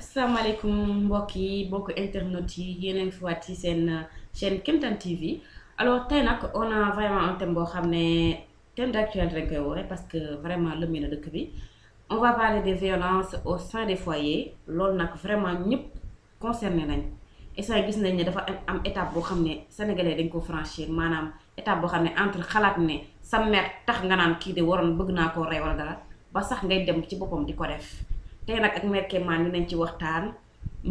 asalaamaaleykum mbokk yi mbokk internet yi yeneen fi waat ci seen euh, chaîne Kimtan TV alors tey nag on a vraiment un thème boo xam ne thème d'actualité rek koy woowee parce que vraiment lëmbi na dëkk bi on va parler des violences au sein des foyers loolu nag vraiment ñëpp concerné nañ et ça gis nañ ne dafa am étape boo xam ne sénégalais dañ ko franchir maanaam étape boo xam ne entre xalaat ne sa mère tax nga naan kii de waroon bëgg naa koo rey wala dara ba sax ngay dem ci boppam di ko def tey nag ak Merkema ñu nañ ci waxtaan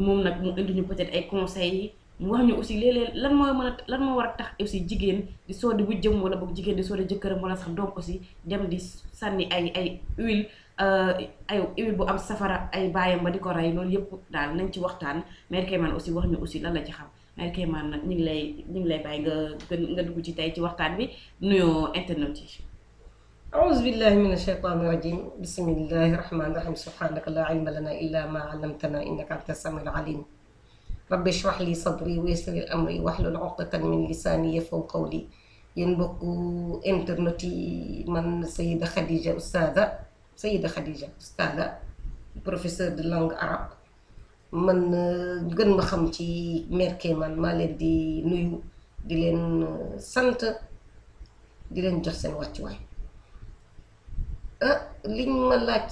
moom nag mu indi ñu peut ay conseils mu wax ñu aussi léeg-léeg lan moo mën a lan moo war a tax aussi jigéen di soodi bu jëm wala boog jigéen di soodi jëkkëram wala sax doom aussi dem di sànni ay ay huile euh, ay huile bu am safara ay bàyyam ba di ko rey loolu yëpp daal nañ ci waxtaan Merkema aussi wax ñu aussi lan la ci xam. Merkema nag ñu ngi lay ñu ngi lay bàyyi nga gën nga dugg ci tey ci waxtaan bi nuyoo internet yi. أعوذ بالله من الشيطان الرجيم بسم الله الرحمن الرحيم سبحانك لا علم لنا إلا ما علمتنا إنك أنت السميع العليم رب اشرح لي صدري ويسر لي أمري واحلل عقدة من لساني يفهم قولي ينبق إنترنتي من سيدة خديجة أستاذة سيدة خديجة أستاذة بروفيسور دو لانغ عرب من جن مخمتي ميركي من مالين دي نيو دي لين سنت دي لين جرسين واتواي ah liñ ma laaj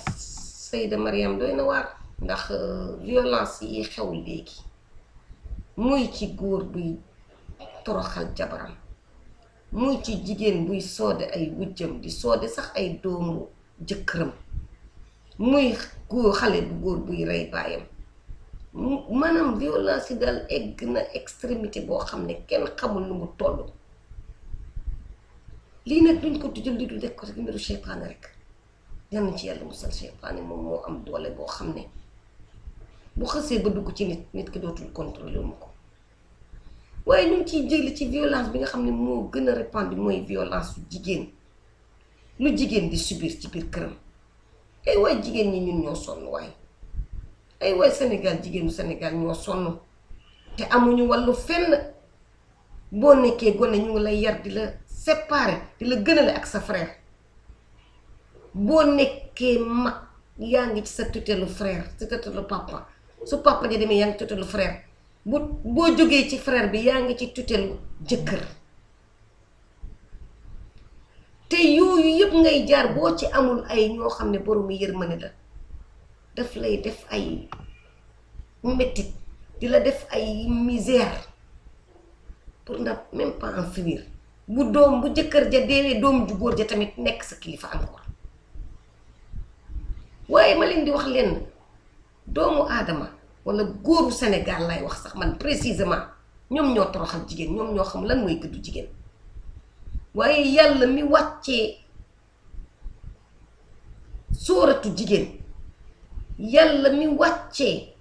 seyde Mariam doy na waar ndax euh, violence yi xew léegi muy ci góor buy toroxal jabaram muy ci jigéen buy soode ay wujjam di soode sax ay doomu jëkkëram muy góor xale bu góor buy rey baayam maanaam violence yi daal egg na extrémité boo xam ne kenn xamul nu mu toll lii nag duñ ko tujjal li du def ko rek mbiru seytaane rek yal na ci yàlla musal seytaane moom moo am doole boo xam ne bu xësee ba dugg ci nit nit ki dootul contrôlé mu ko waaye ñu ngi ciy jëli ci violence bi nga xam ne moo gën a répandu mooy violence su jigéen lu jigéen di subir ci biir këram ay waay jigéen ñi ñun ñoo sonn waaye ay waay Sénégal jigéenu Sénégal ñoo sonn te amuñu wallu fenn boo nekkee gone ñu ngi lay yar di la séparer di la gënale ak sa frère boo nekkee ma yaa ngi gitu, ci sa tutelu frère sa tutelu papa su papa ja demé yaa ngi tutelu frère bu joggé ci frère bi yaa ngi ci tutelu jëkkër te yoyu yëp ngay jaar bo ci amul ay ño xamné ne borom yërmane la daf lay def ay mettit di la def ay misère pour ndap même pas en finir bu dom bu jëkkër ja déwé dom ju ja tamit nek sa kilifa encore waaye ma leen di wax leen doomu aadama wala góoru Sénégal lay wax sax man précisément ñoom ñoo toroxal jigéen ñoom ñoo xam lan mooy gëddu jigéen waaye yàlla mi wàccee sóoratu jigéen yàlla mi wàccee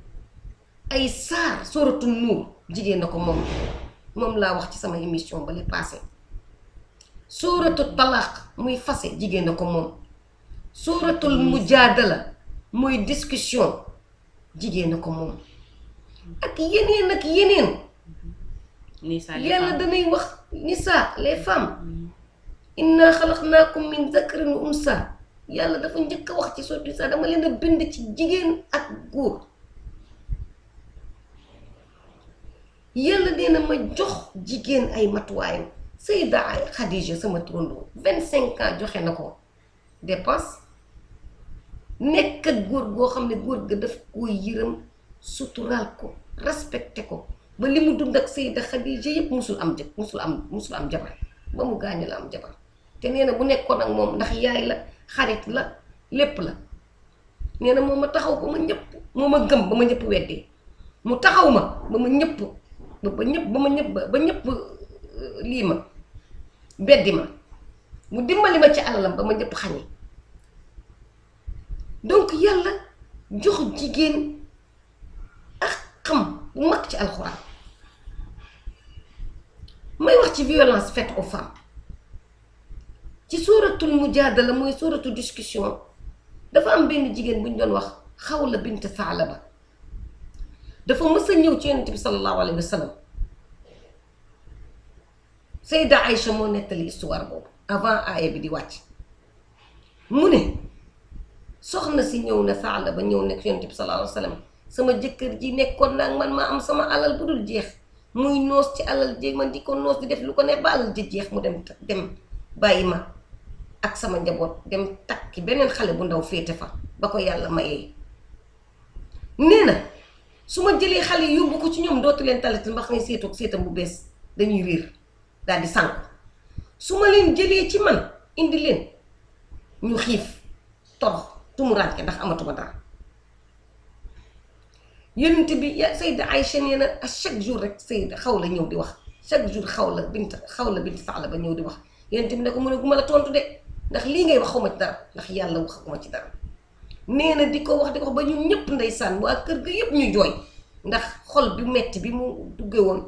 ay saar sóoratu nuur jigéen na ko moom moom laa wax ci sama émission ba li passé sóoratu talaax muy fase jigéen ko moom suuratul mujaadala mooy discussion jigéen a ko moom ak yeneen ak yeneen yàlla danay wax nisaa les femmes inna xalaqnaakum min zakarin wa sa yàlla dafa njëkk a wax ci soo nisaa dama leen bind ci jigéen ak góor yàlla nee na ma jox jigéen ay matuwaayam Sayda Xadija sama turandoo vingt cinq ans joxe na ko dépense nekk góor goo xam ne góor ga daf koo yërëm suturaal ko respecté ko ba li mu dund ak Seyda Khadija yëpp musul am jëkk musul am musul am jabar ba mu gaañu la am jabar te nee na bu nekkoon ak moom ndax yaay la xarit la lépp la nee na ma taxaw ko ma ñëpp moo ma gëm ba ma ñëpp weddee mu taxaw ma ba ma ñëpp ba ñëpp ba ñëpp ba ñëpp lii ma beddi ma mu dimbali ma ci alalam ba ma ñëpp xañi donc yàlla jox jigéen ak xam bu mag ci alxuraan may wax ci violence faite aux femmes ci sóoratul mujaadala mooy sóoratu discussion dafa am benn jigéen bu ñu doon wax xawla bint Saalaba dafa mës ñëw ci yonent bi sallallahu alayhi wa sallam Sayda nettali histoire boobu avant aaya bi di wàcc mu ne soxna si ñëw ne faala ba ñëw nekk yonent bi sallallahu alayhi sama jëkkër ji nekkoon naa man ma am sama alal bu dul jeex muy noos ci alal jeex man di ko noos di def lu ko ne ba alal ji jeex mu dem dem bàyyi ma ak sama njaboot dem takki beneen xale bu ndaw féete fa ba ko yàlla mayee nee na su ma jëlee xale yóbbu ko ci ñoom dootuleen leen talati mbax ngay seetoog seetam bu bees dañuy riir daal di sànk su ma leen jëlee ci man indi leen ñu xiif torox tumuraanke ndax amatuma dara yonent bi ya sayda Aïcha nee na chaque jour rek sayda xaw la ñëw di wax chaque jour xaw la bint xaw la bint sax la ba ñëw di wax yonent bi ne ko mu ne gu ma la tontu de ndax lii ngay wax xawma ci dara ndax yàlla waxuma ci dara nee na di ko wax di ko wax ba ñun ñëpp ndeysaan waa kër ga yëpp ñu jooy ndax xol bi metti bi mu duggee woon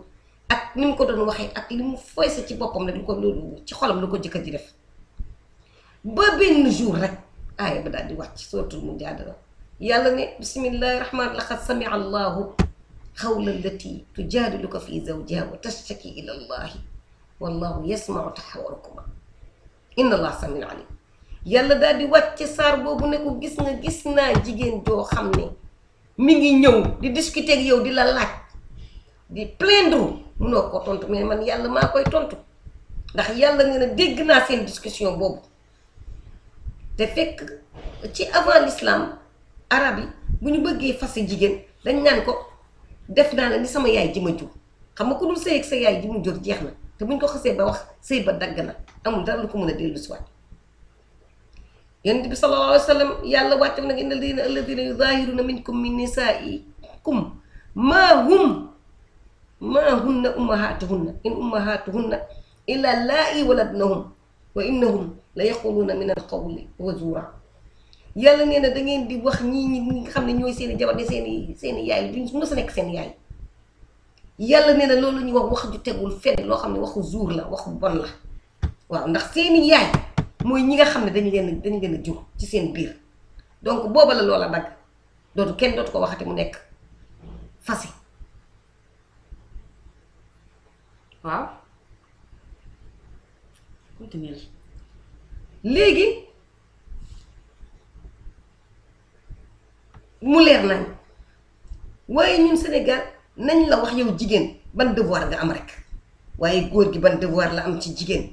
ak ni mu ko doon waxee ak li mu foyse ci boppam rek lu ko ci xolam lu ko jëkkër ji def ba benn jour rek. aaya ba daal di wàcc mu mujaadala yàlla ne bismillahi rahmaani laqad samia allahu xawla allati tujaadiluka fi zawjiha wa tashtaki ila allahi wallahu yasmau taxawarukuma inna allah samin alim yàlla daal di wàcc saar boobu ne ko gis nga gis naa jigéen joo xam ne mi ngi ñëw di discuter ak yow di la laaj di plaindre munoo ko tontu mais man yàlla maa koy tontu ndax yàlla nee na dégg naa seen discussion boobu te fekk ci avant l'islam arab yi bu ñu bëggee fase jigéen dañ naan ko def naa la ni sama yaay ji ma jur xam nga ku du sëy ak sa yaay ji mu jur jeex na te bu ko xasee ba wax sëy ba dagg na amul dara lu ko mën a dellu si waat bi sallallahu alayhi wa yàlla wàccal nag inna alladina alladina yudahiruna minkum min nisaikum maa hum maa hunna ummahatuhunna in ummahatuhunna illa laa i waladnahum wa innahum لا يقولون من القول وزورا يلا نينا دا نين دي واخ ني ني خا ني نوي سيني جابا دي سيني سيني ياي دي موسا نيك سيني ياي يلا نينا لولو ني واخ واخ جو تيغول فين لو خا ني واخو زور لا واخو بون لا وا ناخ سيني ياي موي نيغا خا ني دا نين لين دا نين جو سي سين بير دونك بوبا لا لولا داك دوتو كين دوتو كو واخاتي مو نيك فاسي واو كنت ميل léegi mu leer nañ waaye ñun Sénégal nañ la wax yow jigéen ban devoir nga am rek waaye góor gi ban devoir la am ci jigéen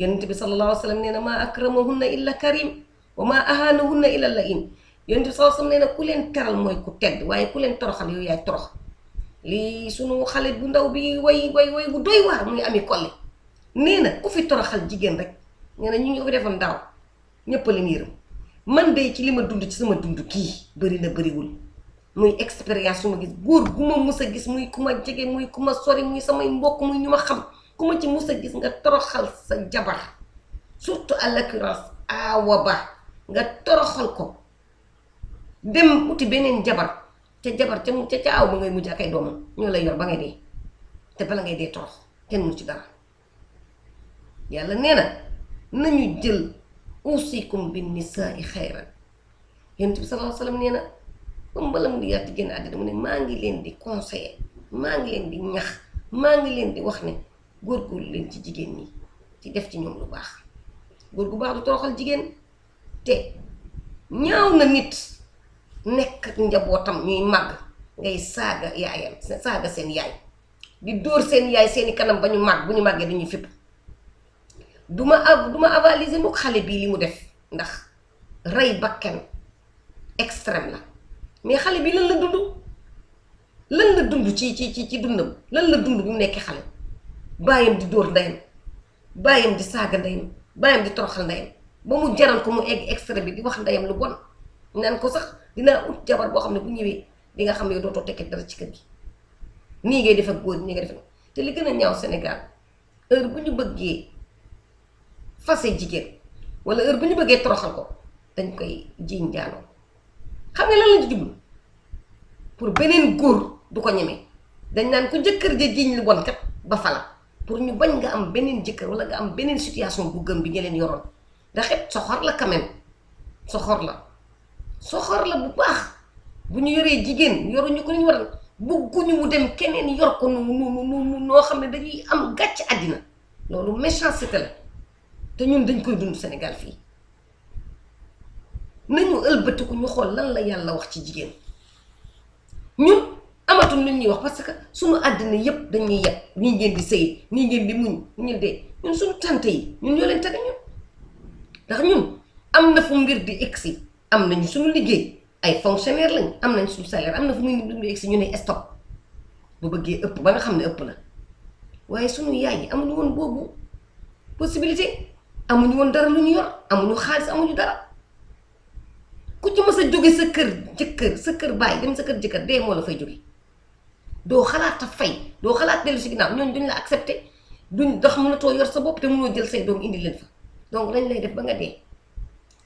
yonent bi sallallahu alayhi wa sallam nee na maa akramahunna illa karim wa maa ahanahunna illa ku leen teral mooy ku tedd waaye ku leen toroxal yow yaay torox lii sunu xale bu ndaw bi way way way bu doy waar muy ami kolle nee na ku fi toroxal jigéen rek nee na ñu ñu ko defam daw ñepp a niir man day ci lima dund ci sama dund ki bari na wul muy experience su gis goor gu ma mus gis muy kuma jégué muy kuma sori muy sama mbokk muy ñuma xam kuma ci gis nga toroxal sa jabar surtout à l'occurrence aawa ba nga toroxal ko dem uti benen jabar ca jabar ca ca ca aaw ba ngay mujj ak ay ñu lay yor ba ngay te bala ngay dee torox kenn mu ci dara yalla nañu jël usikum bi nisaai xayran yonent bi sallallahu alayhi wa sallam nee na ba mbalam di yàtt génn àddina mu ne maa ngi leen di conseiller maa ngi leen di ñax maa ngi leen di wax ne góor leen ci jigéen ñi ci def ci ñoom lu baax góor gu baax du toroxal jigéen te ñaaw na nit nekk njabootam ñuy màgg ngay saaga yaayam saaga seen yaay di dóor seen yaay seeni kanam ba ñu màgg bu ñu màggee dañuy fépp du ma av du ma avaliser mu xale bii li mu def ndax rey bakken extrême la mais xale bi lan la dund lan la dund ci ci ci ci dundam lan la dund bu mu nekkee xale bàyyam di dóor ndeyam bàyyam di saaga ndeyam bàyyam di toroxal ndeyam ba mu jaral ko mu egg extrême bi di wax ndeyam lu bon naan ko sax dinaa ut jabar boo xam ne bu ñëwee di nga xam ne dootoo tekkee dara ci kër gi nii ngay def ak góor ñi nga def te li gën a ñaaw Sénégal heure bu ñu bëggee. fase jigéen wala heure bu ñu bëggee toroxal ko dañ koy jiiñ njaaloo xam nga lan lañ ci pour beneen góor du ko ñemee dañ naan ko jëkkër ja jiiñ lu bon kat ba fala pour ñu bañ nga am beneen jëkkër wala nga am beneen situation bu gëm bi nga leen yoroon ndax it soxor la quand soxor la soxor la bu baax bu ñu yoree jigéen ñu ko ñu waral bëgguñu mu dem keneen yor ko nu nu nu noo xam ne dañuy am gàcc àddina loolu méchanceté la te ñun dañ koy dund Sénégal fii nañu ëlbatiku ñu xool lan la yàlla wax ci jigéen ñun amatul lu ñuy wax parce que suñu àddina yépp dañuy yàq nii ngeen di sëy nii ngeen di muñ ñu dee ñun suñu tante yi ñun ñoo leen tege ñun ndax ñun am na fu ngir di egsi am nañu suñu liggéey ay fonctionnaire lañ am nañ suñu salaire am na fu muy dund egsi ñu ne stop bu bëggee ëpp ba nga xam ne ëpp la waaye suñu yaay yi amuñu woon boobu possibilité amuñu woon dara lu ñu yor amuñu xaalis amuñu dara ku ci mës a jóge sa kër jëkkër sa kër bàyyi dem sa kër jëkkër dee moo la fay jóge doo xalaat a fay doo xalaat dellu si ginnaaw ñooñu duñ la accepté duñ dax dox mënatoo yor sa bopp te mënoo jël say doom indi leen fa donc dañ lay def ba nga dee.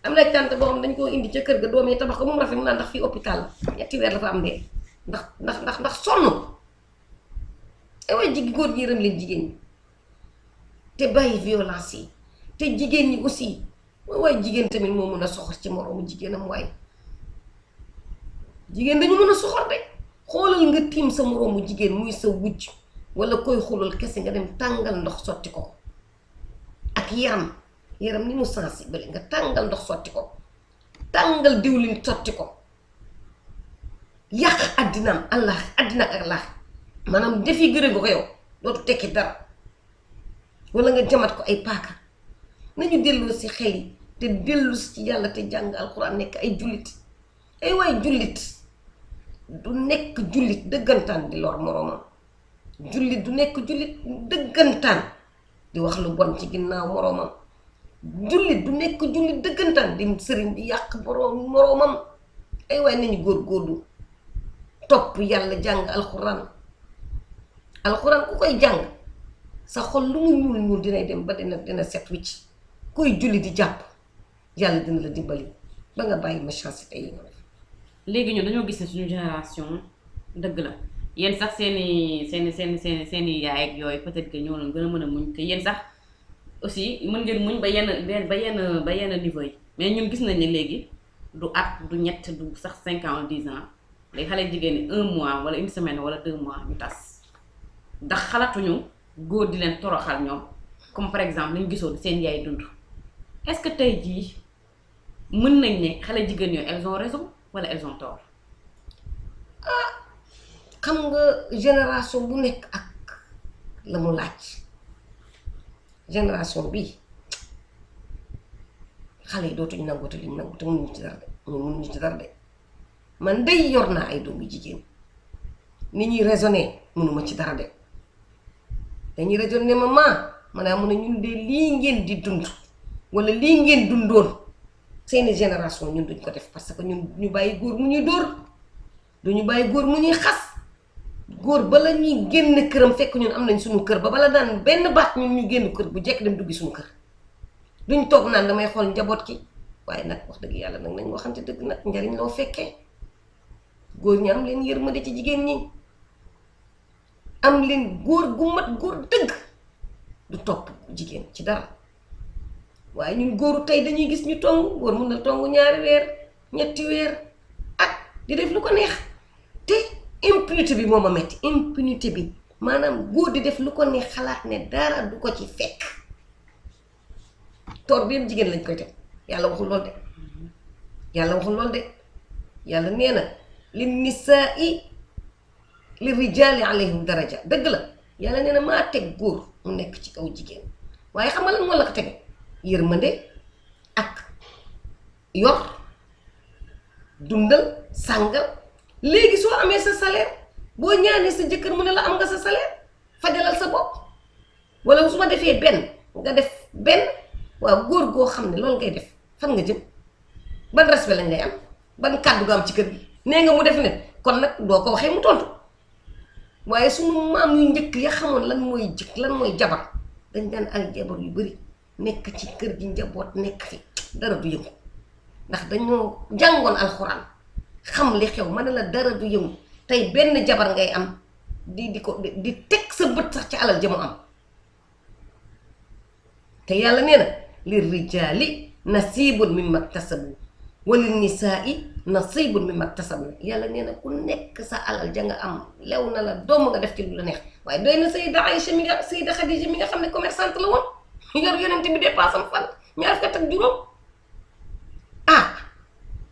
am na tante boo xam dañ koo indi ca kër ga doom yi moom rafet mu ndax fi hôpital la ñetti weer la fa am dee ndax ndax ndax ndax sonn ay way jigi góor gi yërëm leen jigéen ñi te bàyyi violence yi. te jigen ñi aussi way way jigen tamit mo mën soxor ci morom jigenam way jigen dañu mën soxor de xolal nga tim sa morom jigen muy sa wujj wala koy xolal kese nga dem tangal ndox soti ko ak yaram yaram ni mu sensible nga tangal ndox soti ko tangal diwlin soti ko yàq adinam allah adina ak allah manam defi gërëm ko yow do tekki dar wala nga jamat ko ay paka nañu dellu si xel yi te dellu si yàlla te jàng alxuraan nekk ay jullit ay waay jullit du nekk jullit dëggantaan di lor moroomam jullit du nekk jullit dëggantaan di wax lu bon ci ginnaaw moroomam jullit du nekk jullit dëggantaan di sëriñ di yàq boroom moroomam ay waay nañu góorgóorlu topp yàlla jàng alxuraan alxuraan ku koy jàng sa xol lu mu ñuul ñuul dinay dem ba dina dina set wicc kuy julli di jàpp yàlla dina la dimbali ba nga la sax yaay ak peut-être que ñoo aussi muñ ba ba ba mais ñun du at du ñett du sax cinq ans ans mois wala une semaine wala deux mois di comme par exemple ñu seen yaay est-ce que tu as dit nañ ne xale elles ont raison ou elles ont tort. ah xam génération bu nekk ak la mu génération est xale Je suis nanguute li de de man day yor ay jigéen ni raisonné ci dara raisonné ma ne ñun de lii ngeen di wala lii ngeen dundoon seeni génération ñun duñ ko def parce que ñun ñu bàyyi góor mu ñuy dóor duñu bàyyi góor mu ñuy xas góor bala ñuy génn këram fekk ñun am nañ suñu kër ba bala daan benn baat ñun ñu génn kër bu jekk dem duggi suñu kër duñ toog naan damay xool njaboot ki waaye nag wax dëgg yàlla nag nañ waxante dëgg nag njariñ loo fekkee góor ñi am leen yërmande ci jigéen ñi am leen góor gu mat góor dëgg du topp jigéen ci dara waye ñun góoru tay dañuy gis ñu tong góor mun na tong ñaari wër ñetti wër at ah, di def lu ko neex té impunité bi moma metti impunité bi manam goor di def lu ko neex xalaat ne dara du ko ci fekk tor bi jigen lañ koy teg yalla waxul lol de yalla waxul lol de yalla nee lin nisaai li rijaali alayhim daraja deug la yalla nee ma tek goor mu nekk ci kaw jigen waye xamal mo la ko yërmande ak yor dundal sàngal léegi soo amee sa salaire boo ñaanee sa jëkkër mu ne la am nga sa salaire fajalal sa bopp wala su ma defee benn nga def benn waaw góor goo xam ne loolu ngay def fan nga jëm ban respect lañ ngay am ban kàddu nga am ci kër gi nee nga mu def ne kon nag doo ko waxee mu tontu waaye sunu maam yu njëkk ya xamoon lan mooy jëkk lan mooy jabar dañ daan ak jabar yu bari nekk ci kër gi njaboot nekk fi dara du yëngu ndax dañoo jàngoon alxuraan xam li xew ma ne la dara du yëngu tey benn jabar ngay am di di ko di teg sa bët sax ci alal ja mu am te yàlla nee na li rijaali nasibun mimma ktasabu wali nisaa'i nasibun mimma ktasabu yàlla nee na ku nekk sa alal jang am lew na la doom nga def ci lu la neex waaye doy na sayida Aïcha mi nga sayida Xadija mi nga xam ne commerçante la woon yor yonent bi dépassé am fan ñaar fukk ak juróom ah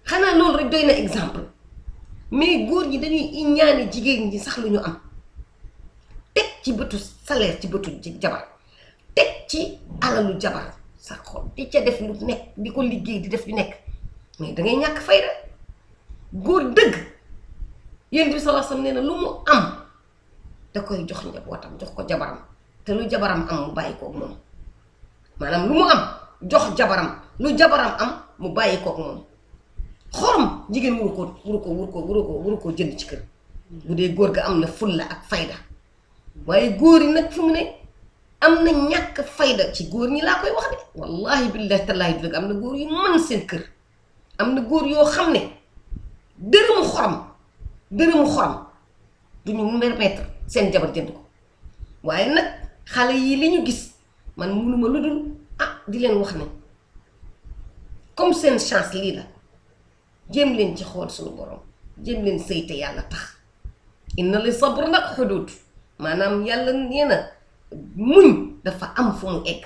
xanaa loolu rek doy na exemple mais góor ñi dañuy iñaane jigéen ñi sax lu ñu am teg ci bëtu salaire ci bëtu jabar teg ci alalu jabar sax xol di ca def lu nekk di ko liggéey di def lu nekk mais da ngay ñàkk fayda góor dëgg yéen bi sallallahu alayhi wasallam nee na lu mu am da koy jox njabootam jox ko jabaram te lu jabaram am mu bàyyi ko moom maanaam lu mu am jox jabaram lu jabaram am mu bàyyi kook moom xorom jigéen wuru ko wuru ko wuru ko wuru ko jënd ci kër bu dee góor ga am na fulla ak fayda waaye góor yi nag fu mu ne am na ñàkk fayda ci góor ñi laa koy wax de wallahi billahi tallaahi du dëgg am na góor yu mën seen kër am na góor yoo xam ne dërëmu xorom dërëmu xorom duñu permettre seen jabar jënd ko waaye nag xale yi li ñu gis man mënuma lu dul ah di leen wax ne comme seen chance lii la jéem leen ci xool suñu borom jéem leen sayte yàlla tax inna li sabr nag xudud maanaam yàlla nee na muñ dafa am fu mu egg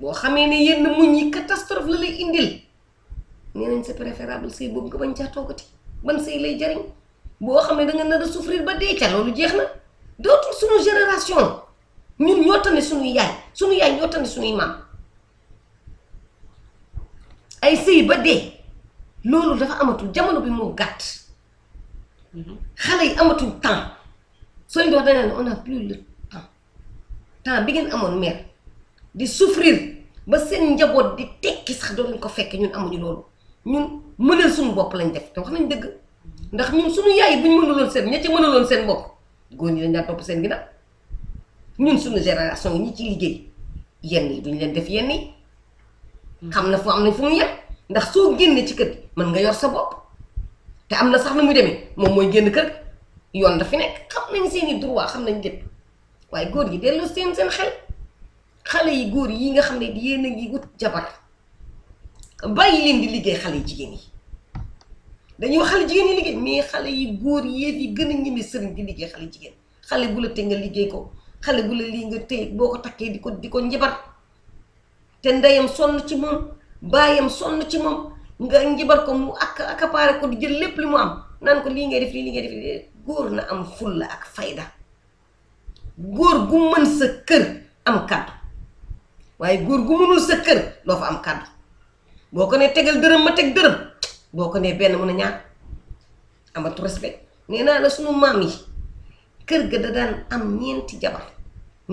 boo xamee ne yenn muñ yi catastrophe la lay indil nee nañ c'est préférable sëy boobu nga bañ caa toogati ban sëy lay jariñ boo xam ne da nga nar a ba dee ca loolu jeex na dootul suñu génération ñun ñoo tane suñuy yaay suñu yaay ñoo tane suñuy maam ay sëy ba dee loolu dafa amatul jamono bi moo gàtt xale yi amatul temps sooy dox dañ ne on a plus le temps temps bi ngeen amoon mère di souffrir ba seen njaboot di tekki sax ko fekk ñun amuñu loolu ñun mënal suñu bopp lañ def te wax nañ dëgg ndax ñun suñu yaay buñ mënaloon seen ña ca mënaloon seen bopp góor ñi dañ daan topp seen ginnaaw ñun suñu génération ñi ci liggéey yenn yi duñ leen def yenn yi xam na foo am na fu mu yem ndax soo génnee ci kër gi mën nga yor sa bopp te am na sax na muy demee moom mooy génn kër yoon dafi nekk xam nañ seeni i droit xam nañ lépp waaye góor yi delloo seen seen xel xale yi góor yi nga xam ne yéen a ngi wut jabar bàyyi leen di liggéey xale yu jigéen yi dañu wax xale jigéen yi liggéey mais xale yi góor yéen yi gën a ñeme sëriñ di liggéey xale jigéen xale bu la te liggéey ko xale bu la lii nga téye boo ko takkee di ko di ko njabar te ndeyam sonn ci moom baayam sonn ci moom nga njabar ko mu ak accaparé ko di jël lépp li mu am naan ko lii ngay def lii ngay def lii góor na am fulla ak fayda góor gu mën sa kër am kàddu waaye góor gu mënul sa kër doo fa am kàddu boo ko nee tegal dërëm ma teg dërëm boo ko nee benn mun a ñaar amatu respect nee naa la maam yi kër ga da daan am ñeenti jabar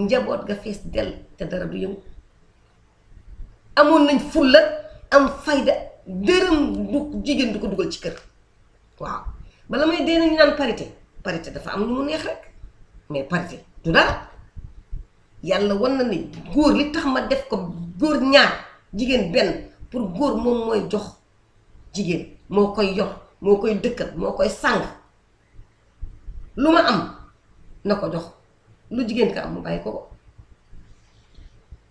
njaboot ga fees dell te dara du yëngu amoon nañ fulla am fayda dërëm du jigéen du ko dugal ci kër waaw bala may dee nañu naan parité parité dafa am lu mu neex rek mais parité du dara yàlla wan na ni góor li tax ma def ko góor ñaar jigéen benn pour góor moom mooy jox jigéen moo koy yor moo koy dëkkal moo koy sàng lu ma am na ko jox lu jigen ka am mu ko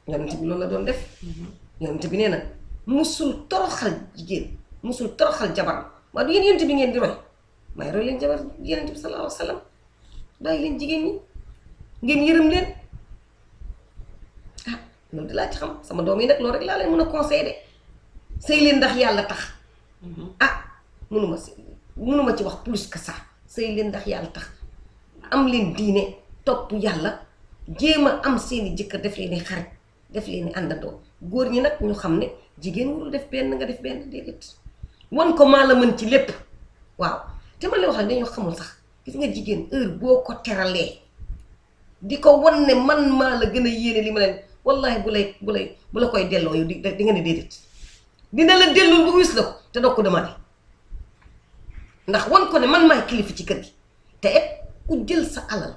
ngam ci bi loolu la doon def mm-hmm. ci bi neena musul toroxal jigen musul toroxal jabar ma du yeen yent bi ngeen di roy may roy len jabar yeen ci sallallahu alaihi wasallam bay len jigen ni ngeen yërëm len ah loolu mm-hmm. ah, di ci xam sama domi nak lo rek la lay mën conseiller de sey len ndax yalla tax ah munuma si munuma ci wax plus que ça sey len ndax yalla tax am len diine topp yàlla jéem a am seeni jëkkër def leen ni xarit def leen ni àndandoo góor ñi nag ñu xam ne jigéen warul def benn nga def benn déedéet wan ko maa la mën ci lépp waaw te man la wax ak dañoo sax gis nga jigéen heure boo ko teralee di ko wan ne man maa la gën a yéene li ma leen wallahi bu lay bu lay la koy delloo yow di di nga ne déedéet dina la delloo bu wis la ko te doo ko demandé ndax wan ko ne man maay kilifa ci kër gi te et ku jël sa alal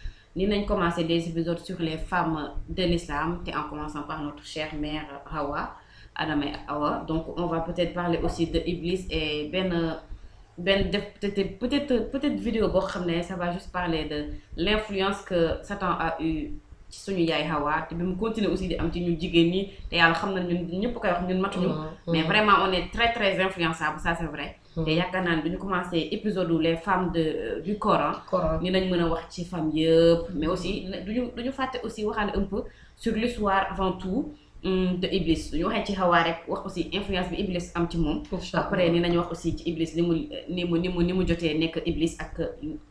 Nous allons commencé des épisodes sur les femmes de l'islam, en commençant par notre chère mère Hawa, Adam et Hawa. Donc, on va peut-être parler aussi de Iblis et Ben. ben peut-être peut-être peut vidéo ça va juste parler de l'influence que Satan a eu ci suñu yaay Hawa te bi mu continuer aussi di am ci ñun jigéen ñi te yàlla xam na ñun ñëpp koy wax ñun matuñu mm-hmm. mais vraiment on est très très influençable ça c'est vrai mm-hmm. te yaakaar naa ne duñu commencé épisode les femmes de euh, du Coran hein, ni nañ mën a wax ci femme yëpp mais aussi duñu duñu fàtte aussi waxaale un peu sur l'histoire avant tout hum, de Iblis ñu waxee ci Hawa rek wax aussi influence bi Iblis am ci moom après ni nañu wax aussi ci Iblis ni mu ni mu ni mu ni mu jotee nekk Iblis ak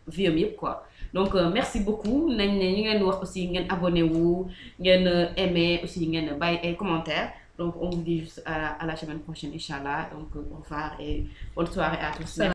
viam yëpp quoi donc euh, merci beaucoup nañ ñu ngén wax aussi ngén abonné wu ngén euh, aimé aussi ngén bàyyi ay commentaires donc on vous dit juste à la semaine prochaine Inch'Allah donc euh, au revoir et bonne soirée à tous.